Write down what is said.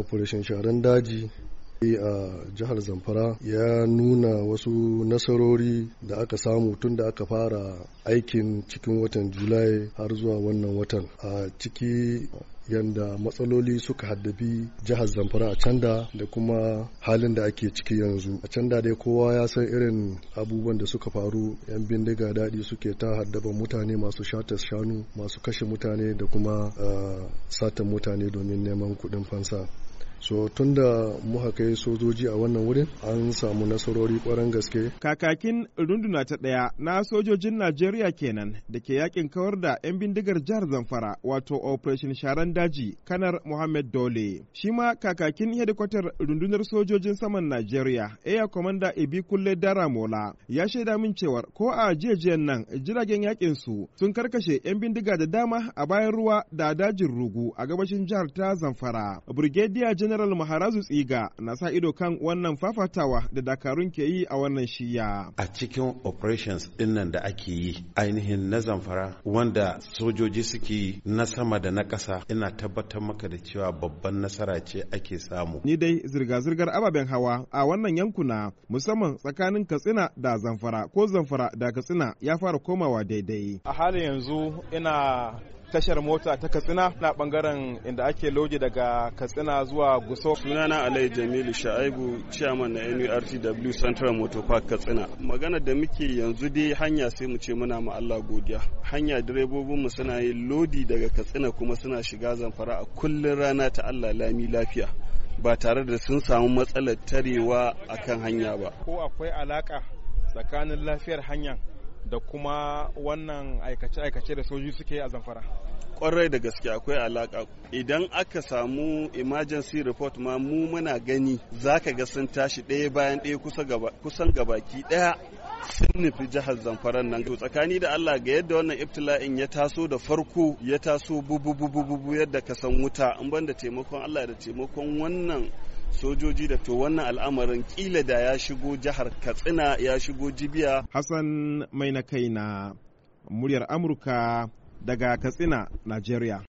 operation sharan daji a jihar Zamfara ya nuna wasu nasarori da aka samu tun da aka fara aikin cikin watan Julai har zuwa wannan watan. A ciki yadda matsaloli suka haddabi jihar zamfara a canda da kuma halin da ake ciki yanzu a canda dai kowa ya san irin abubuwan da suka faru yan bindiga daɗi suke ta haddaba mutane masu shata shanu masu kashe mutane da kuma uh, satan mutane domin neman kuɗin fansa so tun da muka kai sojoji a wannan wurin an samu nasarori kwarin gaske kakakin runduna ta ɗaya na sojojin najeriya kenan da ke yakin kawar da 'yan bindigar jihar zamfara wato operation sharan daji kanar muhammad dole shi ma kakakin hedikwatar rundunar sojojin saman najeriya air commander ibi kulle dara mola ya shaida min cewar ko a jiyajiyan nan jiragen yakin su sun karkashe 'yan bindiga da dama a bayan ruwa da dajin rugu a gabashin jihar ta zamfara brigadier General Maharazu Tsiga na sa ido kan wannan fafatawa da Dakarun ke yi a wannan shiya. A cikin operations dinnan da ake yi ainihin na zamfara wanda sojoji suke yi na sama da na ƙasa ina tabbatar maka da cewa babban nasara ce ake samu. Ni dai zirga-zirgar ababen hawa a wannan yankuna musamman tsakanin Katsina da Zamfara ko Zamfara da Katsina ya fara komawa daidai. A halin yanzu ina tashar mota ta katsina na bangaren inda ake loji daga katsina zuwa guso sunana alai jamilu sha'aibu chairman na nurtw central motor park katsina magana da muke yanzu dai hanya sai mu ce muna ma allah godiya hanya direbobinmu suna yin lodi daga katsina kuma suna shiga zamfara a kullum rana ta allah lami lafiya ba tare da sun samu matsalar tarewa akan hanya ba ko akwai alaka tsakanin lafiyar hanyar da kuma wannan aikace-aikace da soji suke a zamfara kwarai da gaske akwai alaka idan aka samu emergency report ma mu muna gani zaka ga sun tashi ɗaya bayan ɗaya kusan gabaki ɗaya sun nufi jihar zamfara nan to tsakani da Allah ga yadda wannan ibtila'in ya taso da farko ya taso bubu bubu yadda ka san wuta in da taimakon Allah da taimakon wannan sojoji da to wannan al'amarin kila da ya shigo jihar katsina ya shigo jibiya hassan mai na kai na muryar amurka daga katsina nigeria